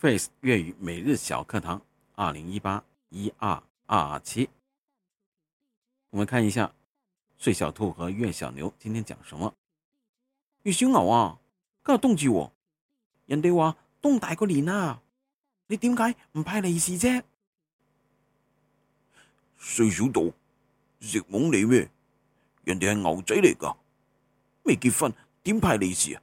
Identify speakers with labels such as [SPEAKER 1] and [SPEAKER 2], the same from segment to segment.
[SPEAKER 1] Face 粵語每日小課堂二零一八一二二二七，我們看一下穗小兔和粵小牛今天講什麼。粵小牛啊，今日冬至喎，人哋話冬大過年啊，你點解唔派利是啫？穗小兔，食懵你咩？人哋係牛仔嚟噶，未結婚點派利是啊？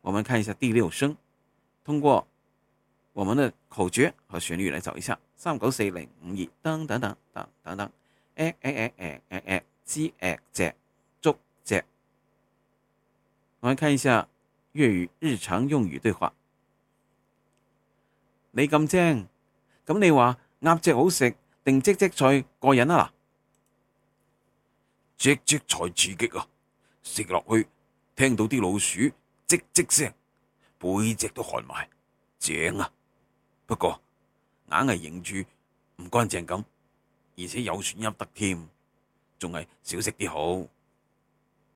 [SPEAKER 1] 我們看一下第六聲，通過我們的口訣和旋律來找一下。三九四零五二，等等等等等等，哎哎哎哎哎哎，雞鴨仔、豬、哎、仔、哎哎哎哎。我們看一下粵語日常用語對話。你咁精，噉你話鴨跖好食定唧唧菜過癮啊？嗱，唧唧菜刺激啊，食落去聽到啲老鼠。唧唧聲，背脊都寒埋，正啊！不過硬係形住唔乾淨咁，而且有損陰德添，仲係少食啲好。